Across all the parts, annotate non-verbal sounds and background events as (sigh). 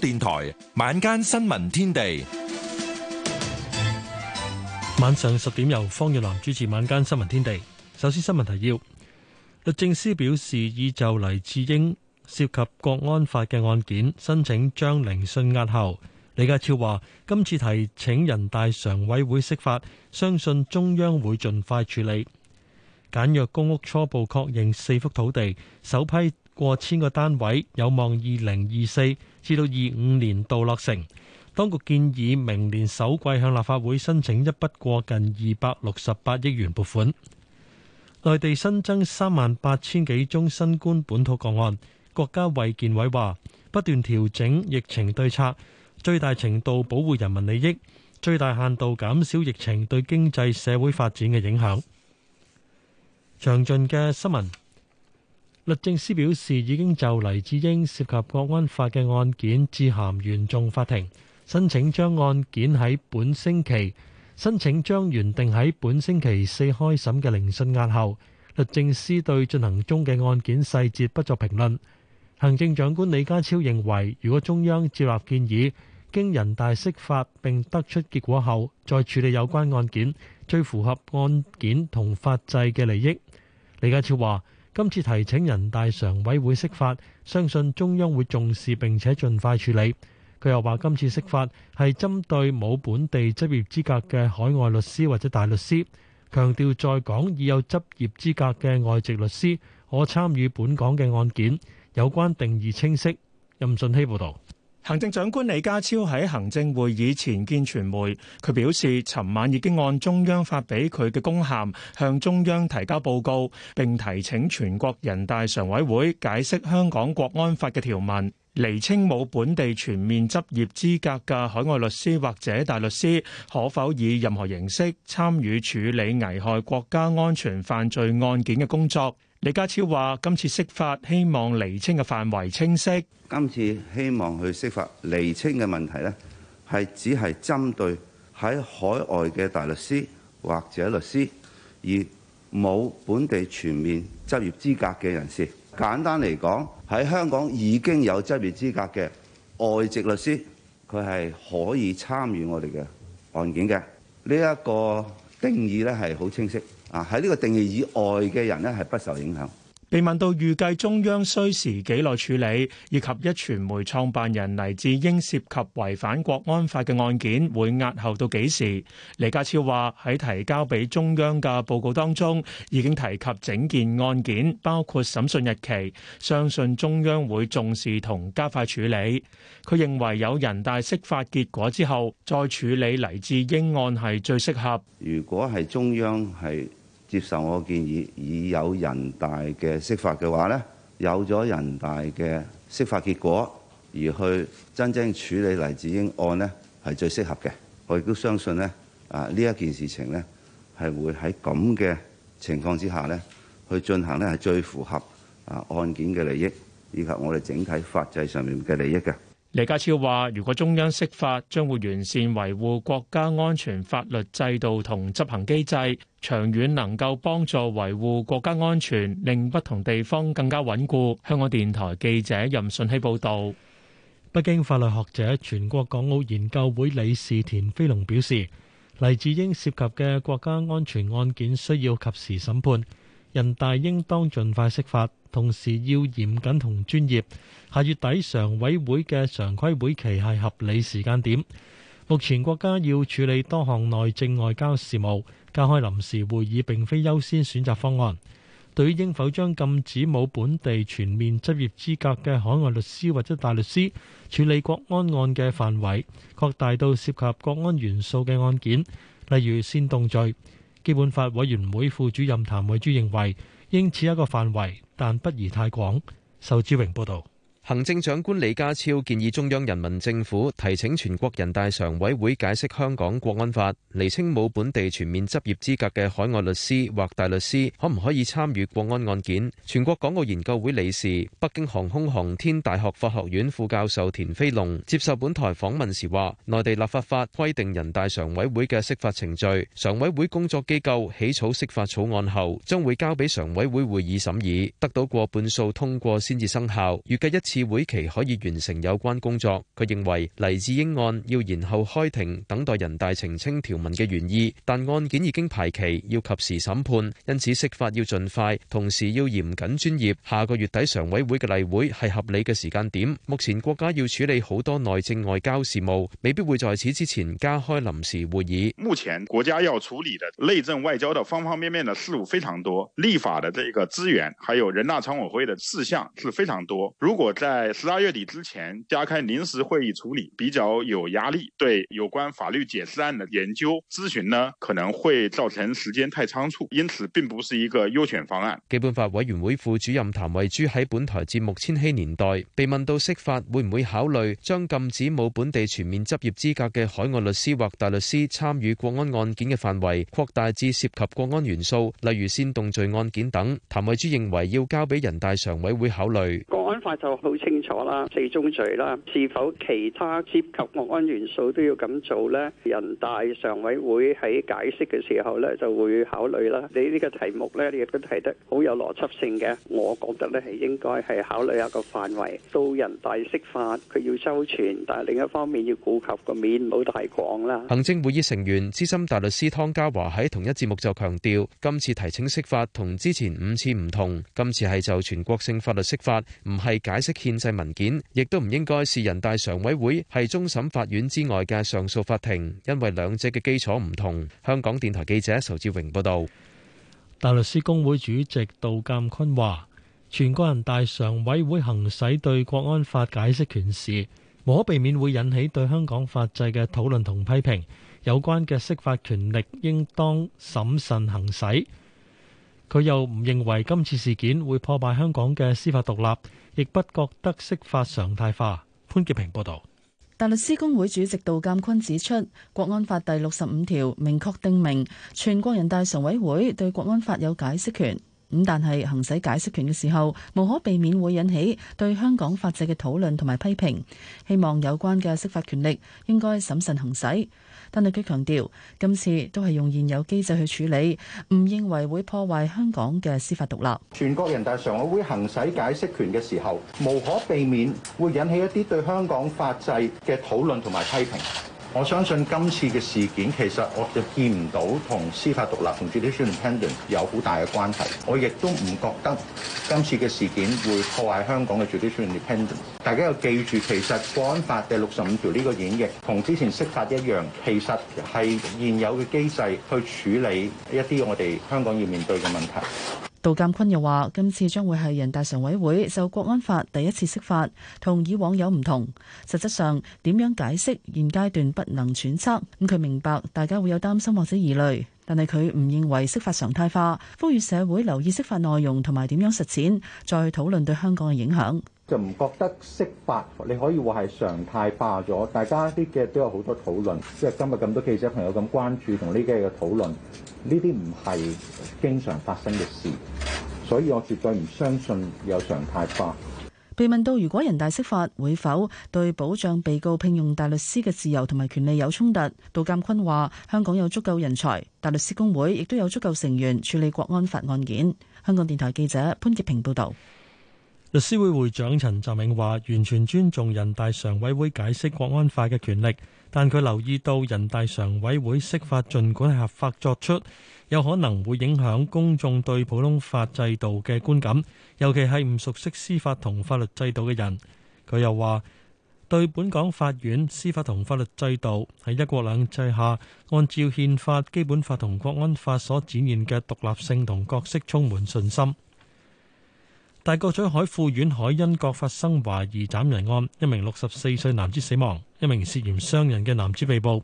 電台晚間新聞天地，晚上十點由方月蘭主持。晚間新聞天地，首先新聞提要：律政司表示，已就黎智英涉及國安法嘅案件，申請將聆訊押後。李家超話，今次提請人大常委會釋法，相信中央會盡快處理。簡約公屋初步確認四幅土地，首批過千個單位，有望二零二四。至到二五年度落成，當局建議明年首季向立法會申請一筆過近二百六十八億元撥款。內地新增三萬八千幾宗新冠本土個案，國家衛健委話不斷調整疫情對策，最大程度保護人民利益，最大限度減少疫情對經濟社會發展嘅影響。詳盡嘅新聞。律政司表示，已經就黎智英涉及國安法嘅案件，致函原訟法庭申，申請將案件喺本星期申請將原定喺本星期四開審嘅聆訊押後。律政司對進行中嘅案件細節不作評論。行政長官李家超認為，如果中央接納建議經人大釋法並得出結果後再處理有關案件，最符合案件同法制嘅利益。李家超話。今次提請人大常委會釋法，相信中央會重視並且盡快處理。佢又話今次釋法係針對冇本地執業資格嘅海外律師或者大律師，強調在港已有執業資格嘅外籍律師可參與本港嘅案件，有關定義清晰。任信希報道。行政長官李家超喺行政會議前見傳媒，佢表示，尋晚已經按中央發俾佢嘅公函，向中央提交報告，並提請全國人大常委會解釋香港國安法嘅條文，釐清冇本地全面執業資格嘅海外律師或者大律師，可否以任何形式參與處理危害國家安全犯罪案件嘅工作。李家超話：今次釋法希望釐清嘅範圍清晰。今次希望去釋法釐清嘅問題呢，係只係針對喺海外嘅大律師或者律師，而冇本地全面執業資格嘅人士。簡單嚟講，喺香港已經有執業資格嘅外籍律師，佢係可以參與我哋嘅案件嘅。呢一個定義呢係好清晰。啊！喺呢個定義以外嘅人呢，係不受影響。被問到預計中央需時幾耐處理，以及壹傳媒創辦人黎智英涉及違反國安法嘅案件會押後到幾時，李家超話喺提交畀中央嘅報告當中已經提及整件案件，包括審訊日期，相信中央會重視同加快處理。佢認為有人大釋法結果之後再處理黎智英案係最適合。如果係中央係接受我嘅建議，已有人大嘅釋法嘅話呢，有咗人大嘅釋法結果，而去真正處理黎智英案呢，係最適合嘅。我亦都相信呢，啊呢一件事情呢係會喺咁嘅情況之下呢去進行，呢係最符合啊案件嘅利益，以及我哋整體法制上面嘅利益嘅。李家超話：如果中央釋法，將會完善維護國家安全法律制度同執行機制，長遠能夠幫助維護國家安全，令不同地方更加穩固。香港電台記者任順熙報道。北京法律學者、全國港澳研究會理事田飛龍表示：黎智英涉及嘅國家安全案件需要及時審判，人大應當盡快釋法。同時要嚴謹同專業，下月底常委會嘅常規會期係合理時間點，目前國家要處理多項內政外交事務，加開臨時會議並非優先選擇方案。對於應否將禁止冇本地全面執業資格嘅海外律師或者大律師處理國安案嘅範圍擴大到涉及國安元素嘅案件，例如煽動罪，基本法委員會副主任譚惠珠認為應此一個範圍。但不宜太廣。仇志榮報道。行政長官李家超建議中央人民政府提請全國人大常委會解釋香港國安法，釐清冇本地全面執業資格嘅海外律師或大律師可唔可以參與國安案件。全國港澳研究會理事、北京航空航天大學法學院副教授田飛龍接受本台訪問時話：內地立法法規定，人大常委會嘅釋法程序，常委會工作機構起草釋法草案後，將會交俾常委會會議審議，得到過半數通過先至生效。預計一次，議會期可以完成有關工作。佢認為黎智英案要延後開庭，等待人大澄清條文嘅原意，但案件已經排期，要及時審判，因此釋法要盡快，同時要嚴謹專業。下個月底常委會嘅例會係合理嘅時間點。目前國家要處理好多內政外交事務，未必會在此之前加開臨時會議。目前國家要處理的內政外交的方方面面的事務非常多，立法的這個資源，還有人大常委會的事項是非常多。如果在在十二月底之前加開臨時會議處理比較有壓力，對有關法律解釋案的研究諮詢呢，可能會造成時間太倉促，因此並不是一個優選方案。基本法委員會副主任譚慧珠喺本台節目《千禧年代》被問到釋法會唔會考慮將禁止冇本地全面執業資格嘅海外律師或大律師參與國安案件嘅範圍擴大至涉及國安元素，例如煽動罪案件等，譚慧珠認為要交俾人大常委會考慮。法就好清楚啦，四宗罪啦，是否其他涉及國安元素都要咁做咧？人大常委會喺解釋嘅時候咧，就會考慮啦。你呢個題目咧，亦都提得好有邏輯性嘅。我覺得咧，係應該係考慮一個範圍，到人大釋法，佢要周全，但係另一方面要顧及個面，唔好太廣啦。行政會議成員資深大律師湯家驊喺同一節目就強調，今次提請釋法同之前五次唔同，今次係就全國性法律釋法，唔係。係解釋憲制文件，亦都唔應該是人大常委會係終審法院之外嘅上訴法庭，因為兩者嘅基礎唔同。香港電台記者仇志榮報道。大律師公會主席杜鑒坤話：全國人大常委會行使對國安法解釋權時，無可避免會引起對香港法制嘅討論同批評。有關嘅釋法權力，應當審慎行使。佢又唔認為今次事件會破壞香港嘅司法獨立。亦不覺得釋法常態化。潘潔平報導，大律師公會主席杜淦堃指出，《國安法》第六十五條明確定明全國人大常委會對《國安法》有解釋權。咁但係行使解釋權嘅時候，無可避免會引起對香港法制嘅討論同埋批評。希望有關嘅司法釋法權力應該審慎行使。但係佢強調，今次都係用現有機制去處理，唔認為會破壞香港嘅司法獨立。全國人大常委會行使解釋權嘅時候，無可避免會引起一啲對香港法制嘅討論同埋批評。我相信今次嘅事件，其實我就見唔到同司法獨立同 judicial independence 有好大嘅關係，我亦都唔覺得今次嘅事件會破壞香港嘅 judicial independence。大家要記住，其實《國安法》第六十五條呢個演繹同之前釋法一樣，其實，係現有嘅機制去處理一啲我哋香港要面對嘅問題。杜鑒坤又話：今次將會係人大常委會就國安法第一次釋法，同以往有唔同。實質上點樣解釋，現階段不能揣測。咁佢明白大家會有擔心或者疑慮。但係佢唔認為釋法常態化，呼籲社會留意釋法內容同埋點樣實踐再討論對香港嘅影響，就唔覺得釋法你可以話係常態化咗，大家啲嘅都有好多討論，即係今日咁多記者朋友咁關注同呢幾日嘅討論呢啲唔係經常發生嘅事，所以我絕對唔相信有常態化。被問到如果人大釋法，會否對保障被告聘用大律師嘅自由同埋權利有衝突？杜鑑坤話：香港有足夠人才，大律師公會亦都有足夠成員處理國安法案件。香港電台記者潘潔平報導。律師會會長陳澤銘話：完全尊重人大常委會解釋國安法嘅權力，但佢留意到人大常委會釋法盡管合法作出，有可能會影響公眾對普通法制度嘅觀感，尤其係唔熟悉司法同法律制度嘅人。佢又話：對本港法院、司法同法律制度喺一國兩制下，按照憲法、基本法同國安法所展現嘅獨立性同角色，充滿信心。大角咀海富苑海欣閣發生懷疑斬人案，一名六十四歲男子死亡，一名涉嫌傷人嘅男子被捕。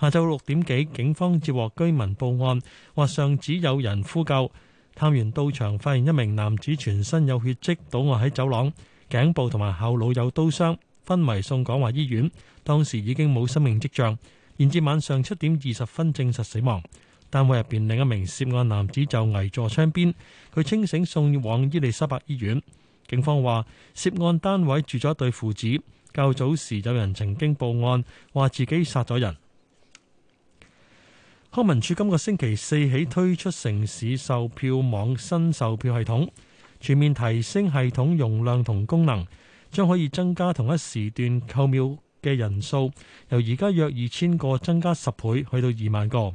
下晝六點幾，警方接獲居民報案，話上址有人呼救。探員到場發現一名男子全身有血跡倒臥喺走廊，頸部同埋後腦有刀傷，昏迷送廣華醫院，當時已經冇生命跡象，延至晚上七點二十分證實死亡。單位入邊另一名涉案男子就危坐窗邊，佢清醒，送往伊利沙伯醫院。警方話，涉案單位住咗一對父子。較早時有人曾經報案，話自己殺咗人。康文署今個星期四起推出城市售票網新售票系統，全面提升系統容量同功能，將可以增加同一時段購票嘅人數，由而家約二千個增加十倍，去到二萬個。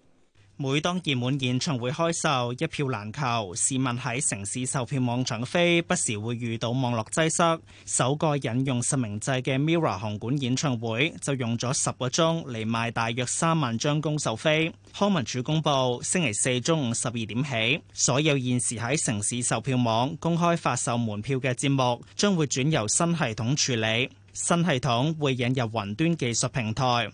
每當熱門演唱會開售，一票難求，市民喺城市售票網搶飛，不時會遇到網絡擠塞。首個引用實名制嘅 MIRROR 紅館演唱會就用咗十個鐘嚟賣大約三萬張公售飛。康文署公佈，星期四中午十二點起，所有現時喺城市售票網公開發售門票嘅節目，將會轉由新系統處理。新系統會引入雲端技術平台。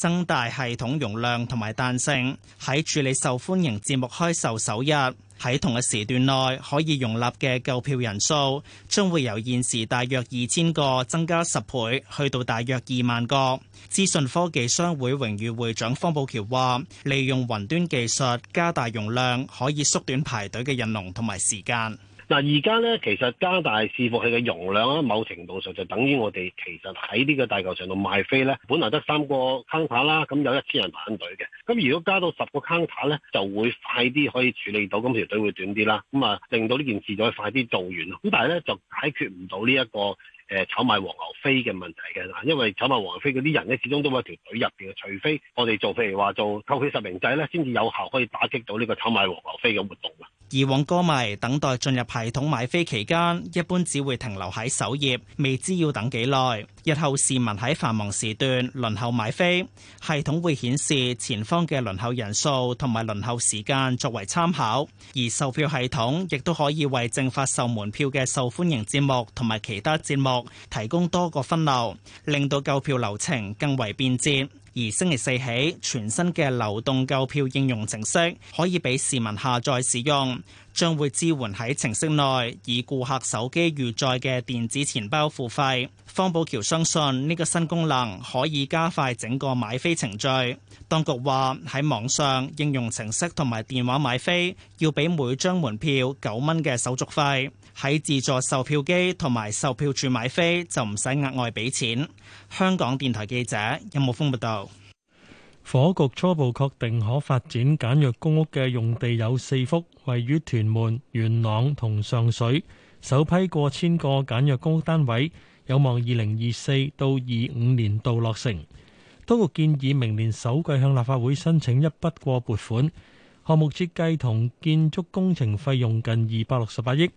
增大系統容量同埋彈性，喺處理受歡迎節目開售首日，喺同一時段內可以容納嘅購票人數將會由現時大約二千個增加十倍，去到大約二萬個。資訊科技商會榮譽會長方寶橋話，利用雲端技術加大容量，可以縮短排隊嘅人龍同埋時間。嗱，而家咧，其實加大伺服器嘅容量咧，某程度上就等於我哋其實喺呢個大球場上度賣飛咧，本來得三個 counter 啦，咁有一千人排緊隊嘅，咁如果加到十個 counter 咧，就會快啲可以處理到，咁條隊會短啲啦，咁啊令到呢件事就再快啲做完，咁但係咧就解決唔到呢一個誒、呃、炒賣黃牛飛嘅問題嘅，因為炒賣黃牛飛嗰啲人咧，始終都喺條隊入邊嘅，除非我哋做譬如話做購票實名制咧，先至有效可以打擊到呢個炒賣黃牛飛嘅活動嘅。以往歌迷等待進入系統買飛期間，一般只會停留喺首頁，未知要等幾耐。日後市民喺繁忙時段輪候買飛，系統會顯示前方嘅輪候人數同埋輪候時間作為參考。而售票系統亦都可以為正發售門票嘅受歡迎節目同埋其他節目提供多個分流，令到購票流程更為便捷。而星期四起，全新嘅流動購票應用程式可以俾市民下載使用。將會支援喺程式內以顧客手機預載嘅電子錢包付費。方寶橋相信呢個新功能可以加快整個買飛程序。當局話喺網上應用程式同埋電話買飛要俾每張門票九蚊嘅手續費，喺自助售票機同埋售票處買飛就唔使額外俾錢。香港電台記者任茂風報道。火局初步確定可發展簡約公屋嘅用地有四幅，位於屯門、元朗同上水。首批過千個簡約公屋單位有望二零二四到二五年度落成。當局建議明年首季向立法會申請一筆過撥款。項目設計同建築工程費用近二百六十八億，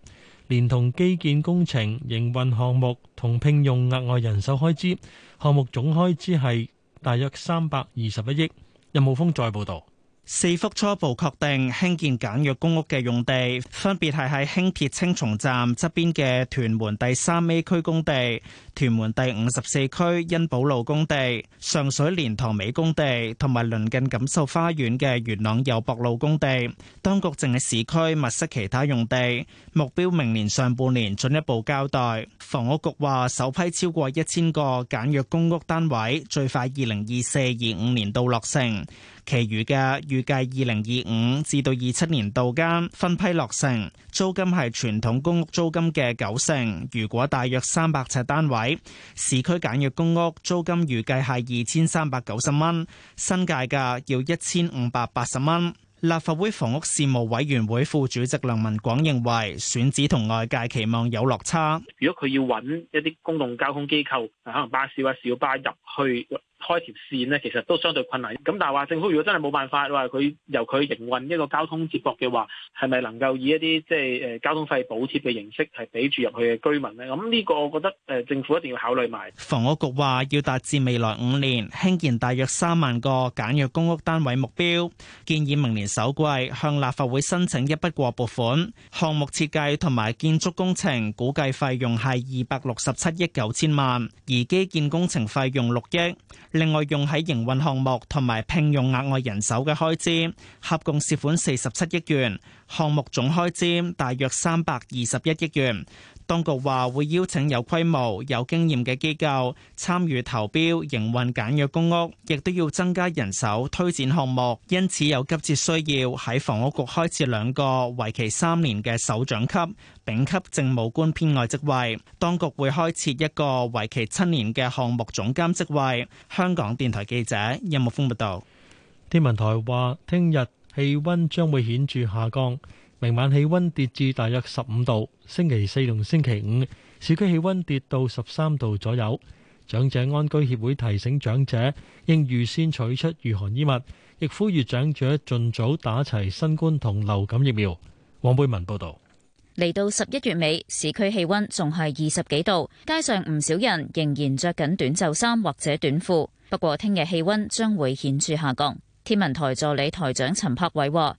連同基建工程、營運項目同聘用額外人手開支，項目總開支係大約三百二十一億。任慕峰再報道。四幅初步確定興建簡約公屋嘅用地，分別係喺輕鐵青松站側邊嘅屯門第三 A 區工地、屯門第五十四區欣寶路工地、上水蓮塘尾工地，同埋鄰近錦繡花園嘅元朗攸壆路工地。當局正喺市區物色其他用地，目標明年上半年進一步交代。房屋局話，首批超過一千個簡約公屋單位，最快二零二四二五年度落成。其餘嘅預計二零二五至到二七年度間分批落成，租金係傳統公屋租金嘅九成。如果大約三百尺單位，市區簡約公屋租金預計係二千三百九十蚊，新界嘅要一千五百八十蚊。立法會房屋事務委員會副主席梁文廣認為，選址同外界期望有落差。如果佢要揾一啲公共交通機構，可能巴士或小巴入去。開條線呢，其實都相對困難。咁但係話政府如果真係冇辦法，話佢由佢營運一個交通接駁嘅話，係咪能夠以一啲即係誒交通費補貼嘅形式係俾住入去嘅居民呢？咁呢個我覺得誒政府一定要考慮埋。房屋局話要達至未來五年興建大約三萬個簡約公屋單位目標，建議明年首季向立法會申請一筆過撥款。項目設計同埋建築工程估計費用係二百六十七億九千萬，而基建工程費用六億。另外用喺營運項目同埋聘用額外人手嘅開支，合共涉款四十七億元，項目總開支大約三百二十一億元。當局話會邀請有規模、有經驗嘅機構參與投標營運簡約公屋，亦都要增加人手推展項目。因此有急切需要喺房屋局開設兩個為期三年嘅首長級、丙級政務官編外職位。當局會開設一個為期七年嘅項目總監職位。香港電台記者任木峰報道。天文台話，聽日氣溫將會顯著下降。明晚氣温跌至大約十五度，星期四同星期五市區氣温跌到十三度左右。長者安居協會提醒長者應預先取出御寒衣物，亦呼籲長者盡早打齊新冠同流感疫苗。黃貝文報導。嚟到十一月尾，市區氣温仲係二十幾度，街上唔少人仍然着緊短袖衫或者短褲。不過聽日氣温將會顯著下降。天文台助理台長陳柏偉話。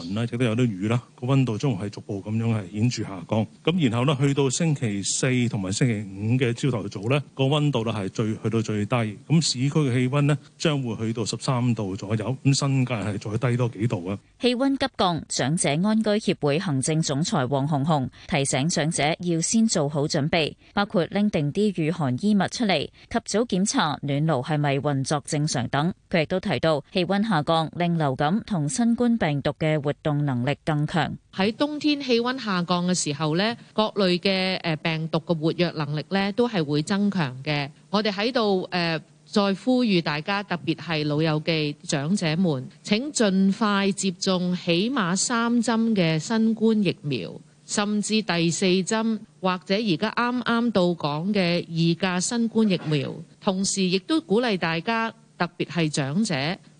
雲啦，亦都有啲雨啦。個溫度將係逐步咁樣係顯著下降。咁然後咧，去到星期四同埋星期五嘅朝頭早咧，個溫度啦係最去到最低。咁市區嘅氣溫咧，將會去到十三度左右。咁新界係再低多幾度啊。氣溫急降，長者安居協會行政總裁黃紅紅提醒長者要先做好準備，包括拎定啲禦寒衣物出嚟，及早檢查暖爐係咪運作正常等。佢亦都提到，氣溫下降令流感同新冠病毒嘅活動能力更強。喺冬天氣溫下降嘅時候呢，各類嘅誒病毒嘅活躍能力呢都係會增強嘅。我哋喺度誒再呼籲大家，特別係老友記長者們，請盡快接種起碼三針嘅新冠疫苗，甚至第四針或者而家啱啱到港嘅二價新冠疫苗。同時亦都鼓勵大家，特別係長者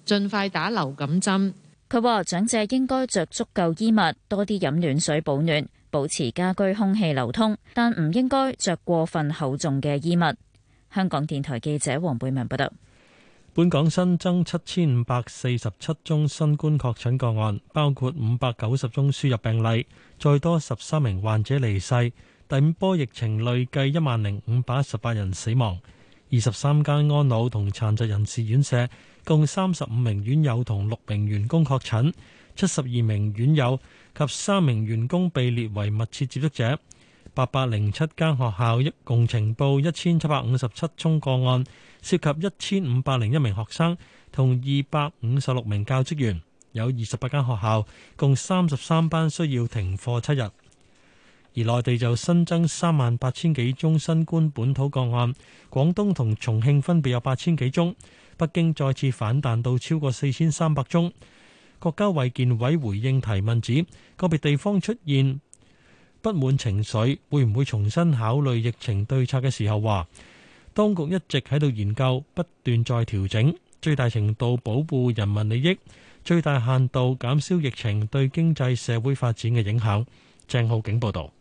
盡快打流感針。佢話：長者應該着足夠衣物，多啲飲暖水保暖，保持家居空氣流通，但唔應該着過分厚重嘅衣物。香港電台記者黃貝文報道。本港新增七千五百四十七宗新冠確診個案，包括五百九十宗輸入病例，再多十三名患者離世。第五波疫情累計一萬零五百一十八人死亡，二十三間安老同殘疾人士院舍。共三十五名院友同六名員工確診，七十二名院友及三名員工被列為密切接觸者。八百零七間學校一共呈報一千七百五十七宗個案，涉及一千五百零一名學生同二百五十六名教職員。有二十八間學校共三十三班需要停課七日。而內地就新增三萬八千幾宗新冠本土個案，廣東同重慶分別有八千幾宗。北京再次反彈到超過四千三百宗。國家衛健委回應提問指，指個別地方出現不滿情緒，會唔會重新考慮疫情對策嘅時候，話當局一直喺度研究，不斷再調整，最大程度保護人民利益，最大限度減少疫情對經濟社會發展嘅影響。鄭浩景報導。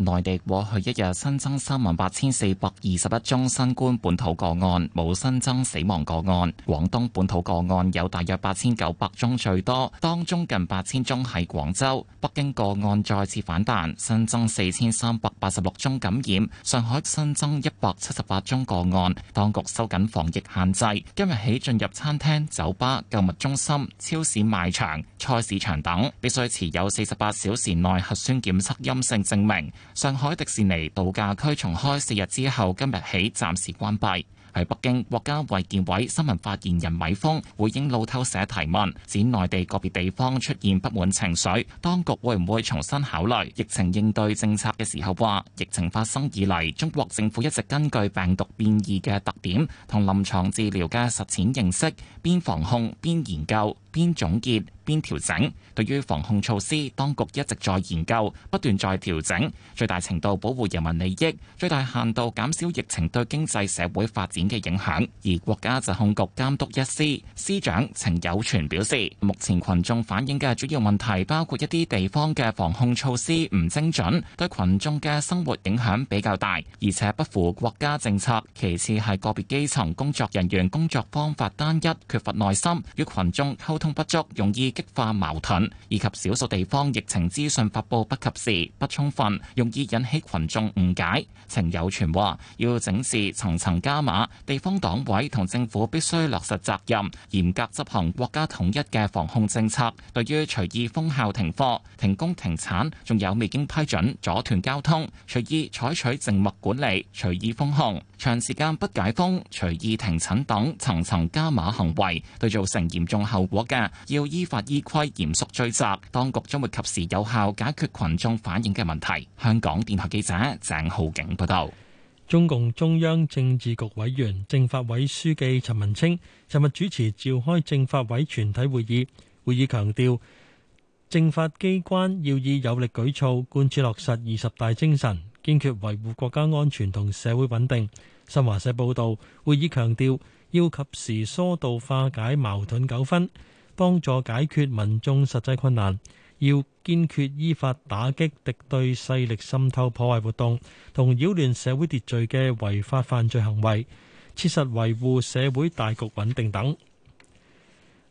內地過去一日新增三萬八千四百二十一宗新冠本土個案，冇新增死亡個案。廣東本土個案有大約八千九百宗最多，當中近八千宗喺廣州。北京個案再次反彈，新增四千三百八十六宗感染。上海新增一百七十八宗個案。當局收緊防疫限制，今日起進入餐廳、酒吧、購物中心、超市賣場、菜市場等，必須持有四十八小時內核酸檢測陰性證明。上海迪士尼度假區重開四日之後今日起暫時關閉，喺北京，國家衛健委新聞發言人米峰回應路透社提問指內地個別地方出現不滿情緒，當局會唔會重新考慮疫情應對政策嘅時候話，話疫情發生以嚟，中國政府一直根據病毒變異嘅特點同臨牀治療嘅實踐認識邊防控邊研究。邊總結邊調整，對於防控措施，當局一直在研究，不斷在調整，最大程度保護人民利益，最大限度減少疫情對經濟社會發展嘅影響。而國家疾控局監督一司司長程有全表示，目前羣眾反映嘅主要問題包括一啲地方嘅防控措施唔精準，對羣眾嘅生活影響比較大，而且不符國家政策。其次係個別基層工作人員工作方法單一，缺乏耐心，與羣眾溝通不足，容易激化矛盾，以及少數地方疫情資訊發布不及時、不充分，容易引起群眾誤解。程有傳話，要整治層層加碼，地方黨委同政府必須落實責任，嚴格執行國家統一嘅防控政策。對於隨意封校、停課、停工、停產，仲有未經批准阻斷交通、隨意採取靜默管理、隨意封控。長時間不解封、隨意停診等層層加碼行為，對造成嚴重後果嘅，要依法依規嚴肅追責。當局將會及時有效解決群眾反映嘅問題。香港電台記者鄭浩景報道。中共中央政治局委員、政法委書記陳文清尋日主持召開政法委全體會議，會議強調，政法機關要以有力舉措貫徹落實二十大精神，堅決維護國家安全同社會穩定。新華社報導，會議強調要及時疏導化解矛盾糾紛，幫助解決民眾實際困難；要堅決依法打擊敵對勢力滲透破壞活動同擾亂社會秩序嘅違法犯罪行為，切實維護社會大局穩定等。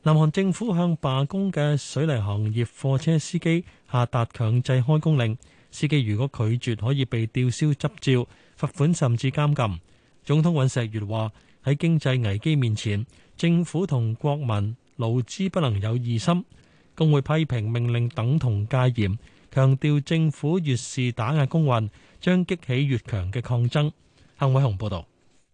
南韓政府向罷工嘅水泥行業貨車司機下達強制開工令，司機如果拒絕，可以被吊銷執照、罰款甚至監禁。.總統尹錫悦話：喺經濟危機面前，政府同國民勞資不能有異心。工會批評命令等同戒嚴，強調政府越是打壓工運，將激起越強嘅抗爭。彭偉雄報道。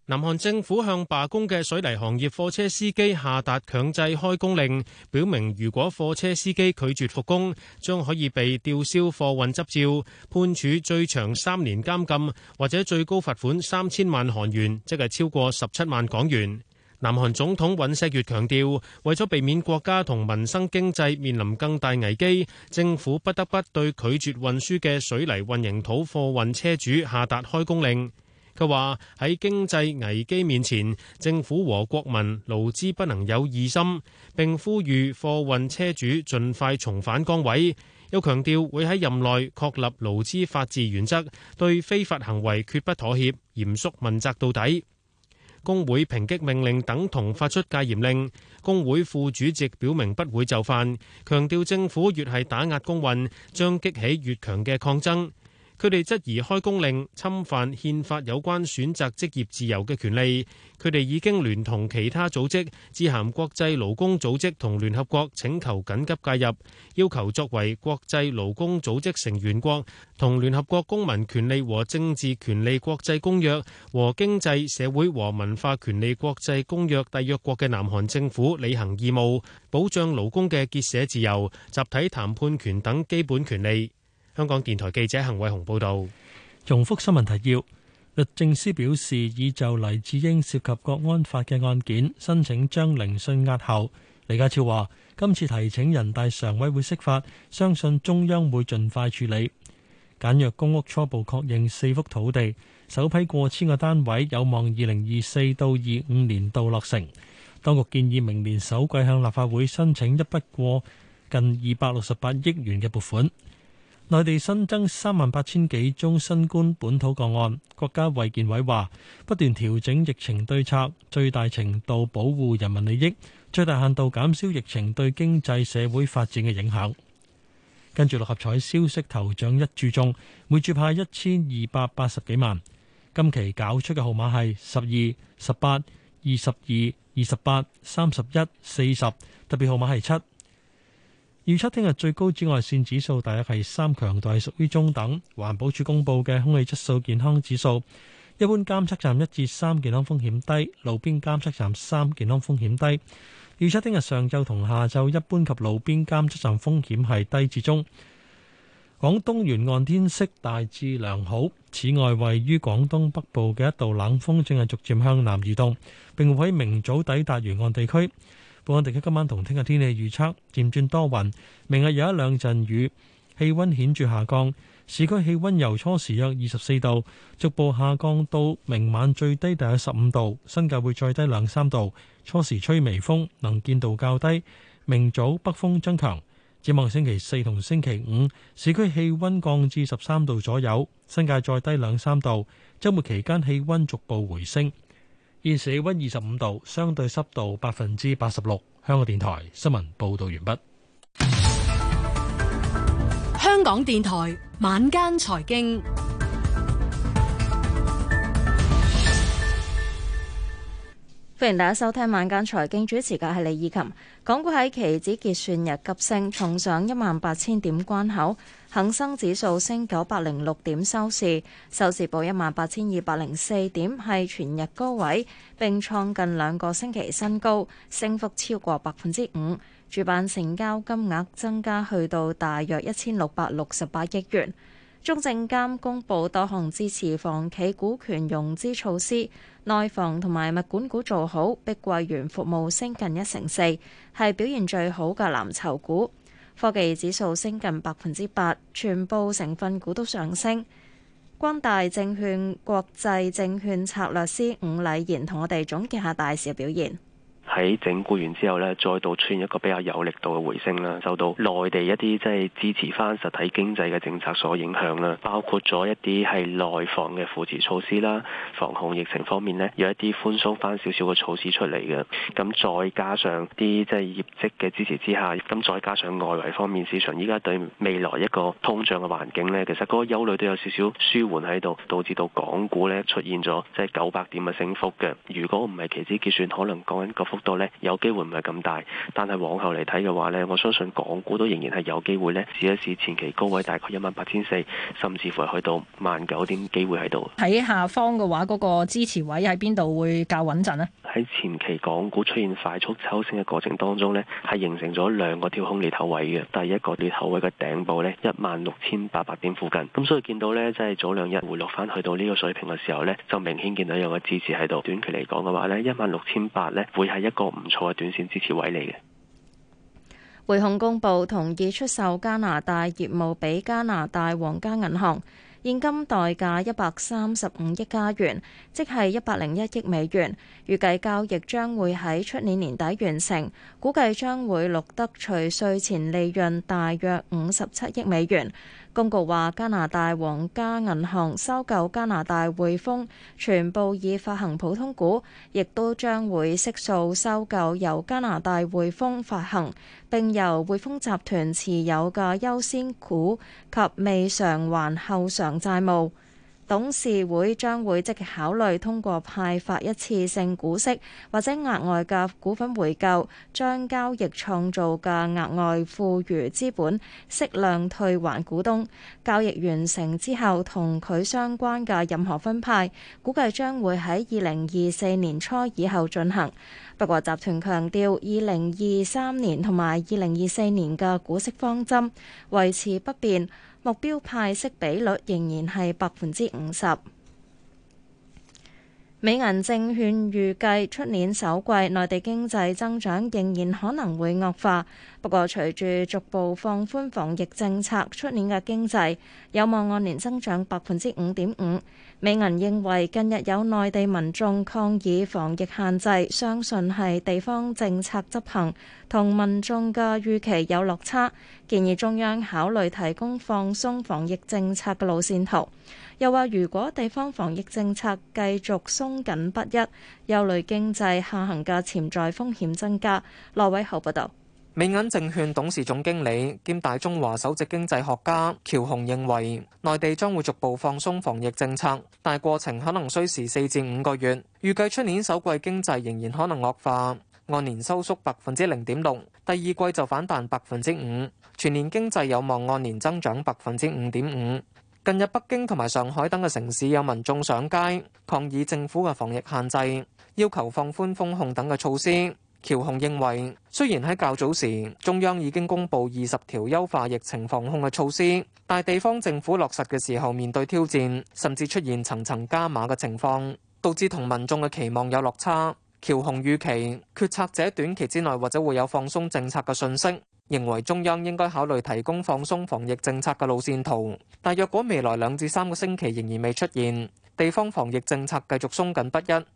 南韓政府向罷工嘅水泥行業貨車司機下達強制開工令，表明如果貨車司機拒絕復工，將可以被吊銷貨運執照，判處最長三年監禁或者最高罰款三千萬韓元，即係超過十七萬港元。南韓總統尹錫悅強調，為咗避免國家同民生經濟面臨更大危機，政府不得不對拒絕運輸嘅水泥混凝土貨運車主下達開工令。佢話喺經濟危機面前，政府和國民勞資不能有異心，並呼籲貨運車主盡快重返崗位。又強調會喺任內確立勞資法治原則，對非法行為決不妥協，嚴肅問責到底。工會抨擊命令等同發出戒嚴令，工會副主席表明不會就範，強調政府越係打壓工運，將激起越強嘅抗爭。佢哋質疑開工令侵犯憲法有關選擇職業自由嘅權利。佢哋已經聯同其他組織，致函國際勞工組織同聯合國，請求緊急介入，要求作為國際勞工組織成員國同聯合國公民權利和政治權利國際公約和經濟社會和文化權利國際公約締約國嘅南韓政府履行義務，保障勞工嘅結社自由、集體談判權等基本權利。香港電台記者邢偉雄報道。重複新聞提要：律政司表示已就黎智英涉及國安法嘅案件申請將聆訊押後。李家超話今次提請人大常委會釋法，相信中央會盡快處理。簡約公屋初步確認四幅土地，首批過千個單位有望二零二四到二五年度落成。當局建議明年首季向立法會申請一筆過近二百六十八億元嘅撥款。內地新增三萬八千幾宗新冠本土個案，國家衛健委話，不斷調整疫情對策，最大程度保護人民利益，最大限度減少疫情對經濟社會發展嘅影響。跟住六合彩消息頭獎一注中，每注派一千二百八十幾萬。今期搞出嘅號碼係十二、十八、二十二、二十八、三十一、四十，特別號碼係七。預測聽日最高紫外線指數大約係三強度，屬於中等。環保署公布嘅空氣質素健康指數，一般監測站一至三健康風險低，路邊監測站三健康風險低。預測聽日上晝同下晝一般及路邊監測站風險係低至中。廣東沿岸天色大致良好。此外，位於廣東北部嘅一道冷風正係逐漸向南移動，並會喺明早抵達沿岸地區。本港地區今晚同聽日天氣預測，漸轉多雲，明日有一兩陣雨，氣溫顯著下降。市區氣溫由初時約二十四度，逐步下降到明晚最低大約十五度，新界會再低兩三度。初時吹微風，能見度較低。明早北風增強。展望星期四同星期五，市區氣溫降至十三度左右，新界再低兩三度。周末期間氣溫逐步回升。現時氣溫二十五度，相對濕度百分之八十六。香港電台新聞報道完畢。香港電台晚間財經。歡迎大家收聽《晚間財經主持》，嘅係李以琴。港股喺期指結算日急升，重上一萬八千點關口。恒生指數升九百零六點收市，收市報一萬八千二百零四點，係全日高位，並創近兩個星期新高，升幅超過百分之五。主板成交金額增加去到大約一千六百六十八億元。中證監公布多項支持房企股權融資措施，內房同埋物管股做好，碧桂園服務升近一成四，係表現最好嘅藍籌股。科技指數升近百分之八，全部成分股都上升。光大證券國際證券策略師伍禮賢同我哋總結下大市嘅表現。喺整固完之後呢，再度出現一個比較有力度嘅回升啦。受到內地一啲即係支持翻實體經濟嘅政策所影響啦，包括咗一啲係內房嘅扶持措施啦，防控疫情方面呢，有一啲寬鬆翻少少嘅措施出嚟嘅。咁再加上啲即係業績嘅支持之下，咁再加上外圍方面市場，依家對未來一個通脹嘅環境呢，其實嗰個憂慮都有少少舒緩喺度，導致到港股呢出現咗即係九百點嘅升幅嘅。如果唔係期指結算，可能講緊個幅幅度呢有機會唔係咁大，但係往後嚟睇嘅話呢，我相信港股都仍然係有機會呢試一試前期高位大概一萬八千四，甚至乎去到萬九點機會喺度。喺下方嘅話，嗰個支持位喺邊度會較穩陣呢？喺前期港股出現快速抽升嘅過程當中呢係形成咗兩個跳空裂口位嘅。第一個裂口位嘅頂部呢一萬六千八百點附近。咁所以見到呢，即係早兩日回落翻去到呢個水平嘅時候呢就明顯見到有個支持喺度。短期嚟講嘅話呢一萬六千八呢會喺一個唔錯嘅短線支持位嚟嘅。匯控公布同意出售加拿大業務俾加拿大皇家銀行，現金代價一百三十五億加元，即係一百零一億美元。預計交易將會喺出年年底完成，估計將會錄得除稅前利潤大約五十七億美元。公告話，加拿大皇家銀行收購加拿大匯豐，全部已發行普通股，亦都將會悉數收購由加拿大匯豐發行並由匯豐集團持有嘅優先股及未償還後償債務。董事會將會積極考慮通過派發一次性股息或者額外嘅股份回購，將交易創造嘅額外富餘資本適量退還股東。交易完成之後，同佢相關嘅任何分派，估計將會喺二零二四年初以後進行。不過集團強調，二零二三年同埋二零二四年嘅股息方針維持不變。目標派息比率仍然係百分之五十。美銀證券預計出年首季內地經濟增長仍然可能會惡化，不過隨住逐步放寬防疫政策，出年嘅經濟有望按年增長百分之五點五。美銀認為近日有內地民眾抗議防疫限制，相信係地方政策執行同民眾嘅預期有落差，建議中央考慮提供放鬆防疫政策嘅路線圖。又話如果地方防疫政策繼續鬆緊不一，又累經濟下行嘅潛在風險增加。羅偉豪報道。美銀證券董事總經理兼大中華首席經濟學家喬虹認為，內地將會逐步放鬆防疫政策，但過程可能需時四至五個月。預計出年首季經濟仍然可能惡化，按年收縮百分之零點六，第二季就反彈百分之五，全年經濟有望按年增長百分之五點五。近日，北京同埋上海等嘅城市有民眾上街抗議政府嘅防疫限制，要求放寬封控等嘅措施。喬雄認為，雖然喺較早時中央已經公布二十條優化疫情防控嘅措施，但地方政府落實嘅時候面對挑戰，甚至出現層層加碼嘅情況，導致同民眾嘅期望有落差。喬雄預期，決策者短期之內或者會有放鬆政策嘅訊息，認為中央應該考慮提供放鬆防疫政策嘅路線圖。但若果未來兩至三個星期仍然未出現，地方防疫政策繼續鬆緊不一。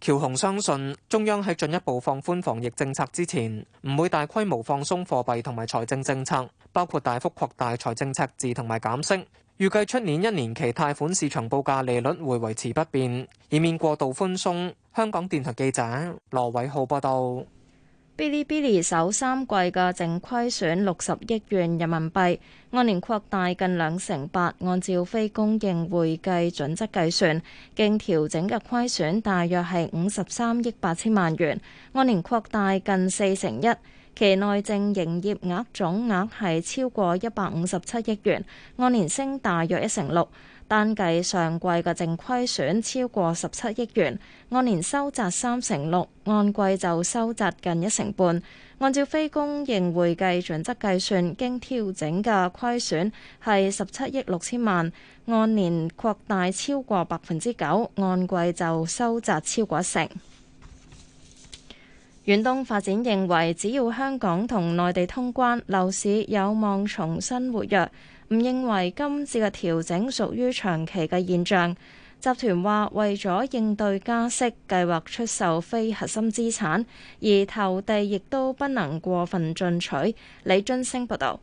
喬虹相信，中央喺進一步放寬防疫政策之前，唔會大規模放鬆貨幣同埋財政政策，包括大幅擴大財政赤字同埋減息。預計出年一年期貸款市場報價利率會維持不變，以免過度寬鬆。香港電台記者羅偉浩報道。Bilibili 首三季嘅淨虧損六十億元人民幣，按年擴大近兩成八。按照非公認會計準則計算，經調整嘅虧損大約係五十三億八千萬元，按年擴大近四成一。期內淨營業額總額係超過一百五十七億元，按年升大約一成六。單計上季嘅淨虧損超過十七億元，按年收窄三成六，按季就收窄近一成半。按照非公認會計準則計算，經調整嘅虧損係十七億六千萬，按年擴大超過百分之九，按季就收窄超過一成。遠東發展認為，只要香港同內地通關，樓市有望重新活躍。唔認為今次嘅調整屬於長期嘅現象。集團話為咗應對加息，計劃出售非核心資產，而投地亦都不能過分進取。李津升報道。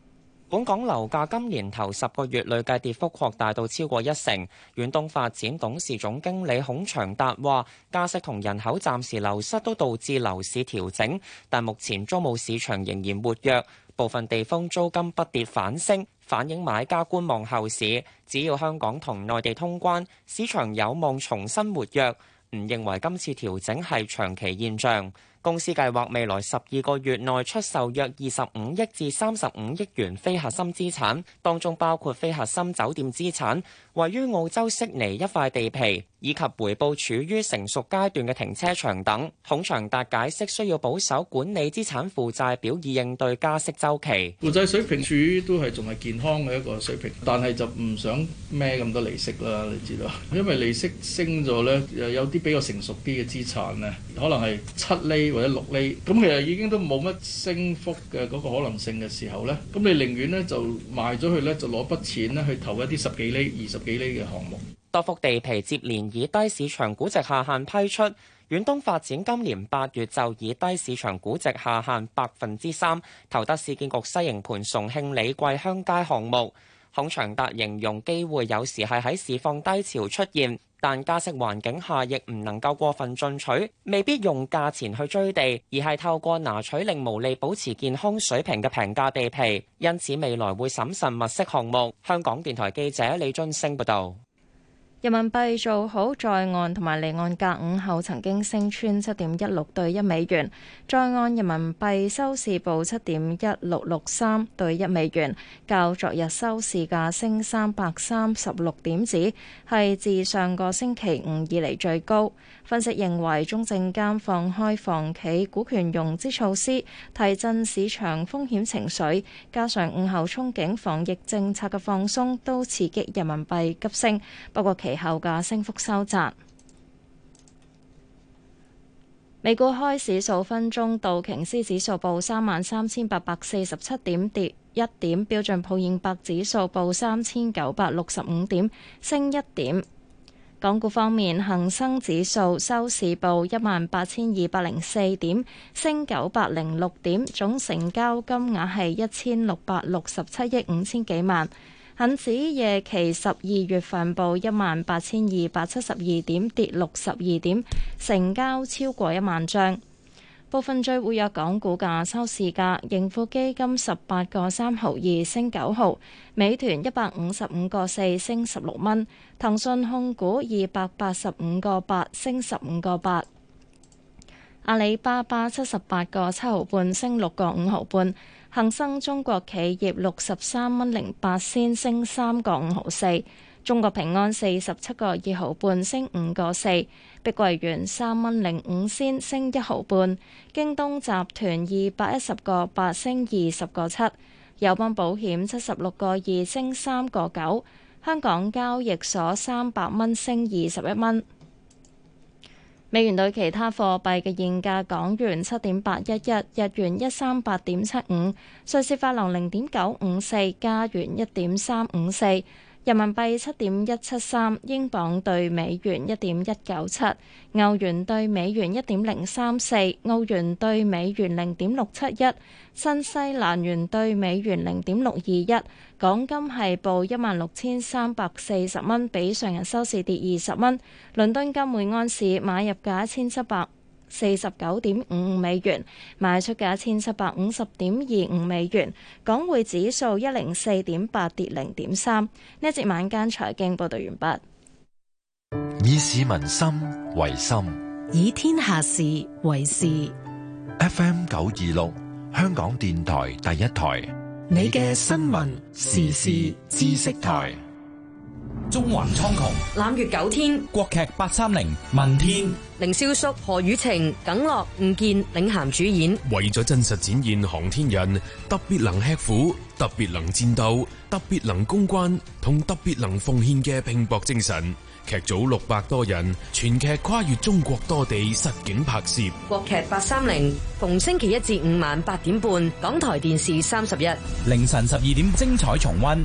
本港樓價今年頭十個月累計跌幅擴大到超過一成，遠東發展董事總經理孔祥達話：加息同人口暫時流失都導致樓市調整，但目前租務市場仍然活躍，部分地方租金不跌反升，反映買家觀望後市。只要香港同內地通關，市場有望重新活躍。唔認為今次調整係長期現象。公司計劃未來十二個月內出售約二十五億至三十五億元非核心資產，當中包括非核心酒店資產。位於澳洲悉尼一塊地皮，以及回報處於成熟階段嘅停車場等，孔長達解釋需要保守管理資產負債表以應對加息週期。負債水平處於都係仲係健康嘅一個水平，但係就唔想孭咁多利息啦，你知道，因為利息升咗咧，有啲比較成熟啲嘅資產咧，可能係七厘或者六厘，咁其實已經都冇乜升幅嘅嗰個可能性嘅時候咧，咁你寧願咧就賣咗佢咧，就攞筆錢咧去投一啲十幾厘、二十。幾多幅地皮接連以低市場估值下限批出。遠東發展今年八月就以低市場估值下限百分之三投得市建局西營盤崇慶里桂香街項目。孔祥達形容機會有時係喺市況低潮出現。但加息環境下，亦唔能夠過分進取，未必用價錢去追地，而係透過拿取令毛利保持健康水平嘅平價地皮。因此未來會審慎物色項目。香港電台記者李俊升報道。人民幣，做好在岸同埋離岸價午後，曾經升穿七點一六對一美元。在岸人民幣收市報七點一六六三對一美元，較昨日收市價升三百三十六點子，係自上個星期五以嚟最高。分析認為，中證監放開房企股權融資措施，提振市場風險情緒，加上午後憧憬防疫政策嘅放鬆，都刺激人民幣急升。不過其後嘅升幅收窄。美股開市數分鐘，道瓊斯指數報三萬三千八百四十七點，跌一點，標準普爾百指數報三千九百六十五點，升一點。港股方面，恒生指數收市報一萬八千二百零四點，升九百零六點，總成交金額係一千六百六十七億五千幾萬，恆指夜期十二月份報一萬八千二百七十二點，跌六十二點，成交超過一萬張。部分最活躍港股價收市價，盈富基金十八個三毫二升九毫，美團一百五十五個四升十六蚊，騰訊控股二百八十五個八升十五個八，阿里巴巴七十八個七毫半升六個五毫半，恒生中國企業六十三蚊零八先升三個五毫四。中國平安四十七個二毫半升五個四，碧桂園三蚊零五仙升一毫半，京東集團二百一十個八升二十個七，友邦保險七十六個二升三個九，香港交易所三百蚊升二十一蚊。美元對其他貨幣嘅現價，港元七點八一一，日元一三八點七五，瑞士法郎零點九五四，加元一點三五四。人民幣七點一七三，英鎊對美元一點一九七，歐元對美元一點零三四，澳元對美元零點六七一，新西蘭元對美元零點六二一。港金係報一萬六千三百四十蚊，比上日收市跌二十蚊。倫敦金每安士買入價一千七百四十九點五五美元，賣出價一千七百五十點二五美元。港匯指數一零四點八跌零點三。呢一節晚間財經報道完畢。以市民心為心，以天下事為事。FM 九二六，香港電台第一台，你嘅新聞時事知識台。中環蒼穹，攬月九天。國劇八三零，問天、凌瀟肅、何雨晴、耿樂、吳健、領銜主演。為咗真實展現航天人特別能吃苦、特別能戰鬥、特別能攻關同特別能奉獻嘅拼搏精神，劇組六百多人，全劇跨越中國多地實景拍攝。國劇八三零，逢星期一至五晚八點半，港台電視三十一，凌晨十二點精彩重温。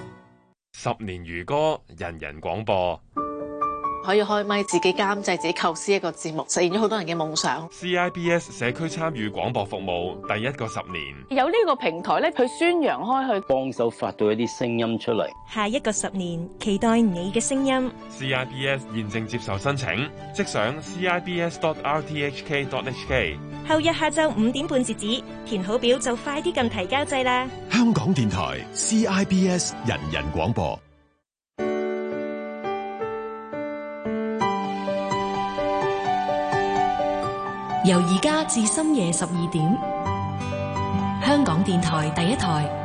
十年如歌，人人廣播。可以開咪自己監製，自己構思一個節目，實現咗好多人嘅夢想。CIBS 社區參與廣播服務第一個十年，有呢個平台咧，佢宣揚開去，幫手發到一啲聲音出嚟。下一個十年，期待你嘅聲音。CIBS 現正接受申請，即上 cibs.rthk.hk。後日下晝五點半截止，填好表就快啲撳提交掣啦。香港電台 CIBS 人人廣播。由而家至深夜十二點，香港電台第一台。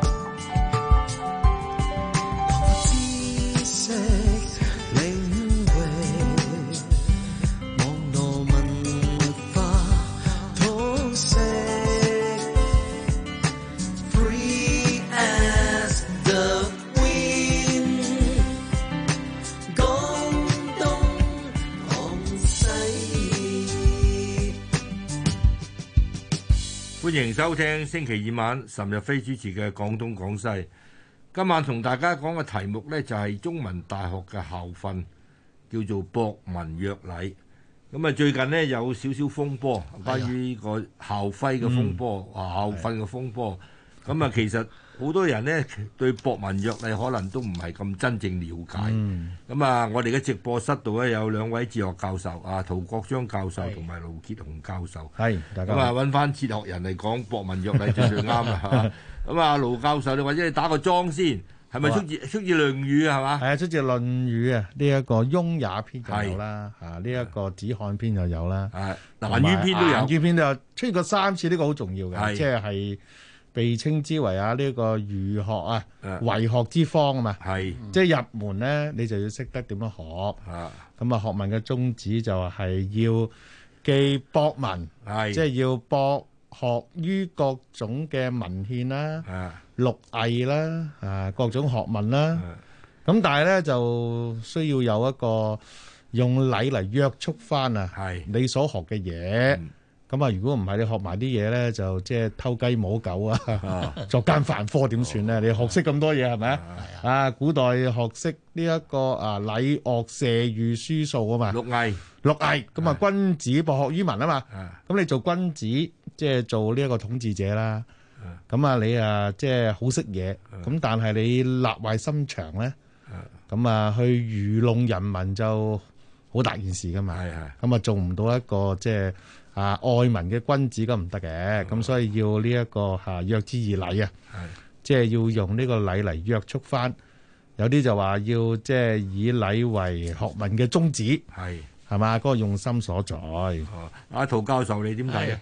歡迎收聽星期二晚岑日飛主持嘅《廣東廣西》。今晚同大家講嘅題目呢，就係、是、中文大學嘅校訓叫做博文約禮。咁啊，最近呢，有少少風波，關於呢個校徽嘅風波，話、啊、校訓嘅風波。嗯咁啊，其實好多人呢對《博文約禮》可能都唔係咁真正了解。咁啊，我哋嘅直播室度咧有兩位哲學教授啊，陶國章教授同埋盧傑雄教授。係大家咁啊，揾翻哲學人嚟講《博文約禮》最啱啊，係咁啊，盧教授，你或者你打個莊先，係咪出自出自《論語》啊？係嘛？係啊，出自《論語》啊，呢一個《雍也篇》就有啦，啊，呢一個《子罕篇》就有啦。係。嗱，《論語》篇都有，《論語》篇就出現過三次，呢個好重要嘅，即係。被稱之為啊呢、這個儒學啊，為、啊、學之方啊嘛，係是即係入門咧，你就要識得點樣學，咁啊學問嘅宗旨就係要記博文，是即係要博學於各種嘅文獻啦、啊、六是藝啦、啊、啊各種學問啦、啊，咁是但係咧就需要有一個用禮嚟約束翻啊，你所學嘅嘢。咁啊！如果唔係你學埋啲嘢咧，就即係偷雞摸狗啊，作奸犯科點算咧？你學識咁多嘢，係咪啊？ (music) 啊，古代學識呢一個啊禮樂射御書數啊嘛。六藝，六藝咁啊，君子博學於民啊嘛。咁 (music) 你做君子，即係做呢一個統治者啦。咁啊，你啊即係好識嘢，咁但係你立壞心腸咧，咁啊去愚弄人民就好大件事噶嘛。咁啊，做唔到一個即係。就是啊！愛民嘅君子都唔得嘅，咁所以要呢一個嚇約之以禮啊，即係要用呢個禮嚟約束翻。有啲就話要即係以禮為學問嘅宗旨，係係咪？嗰個用心所在。阿陶教授，你點睇啊？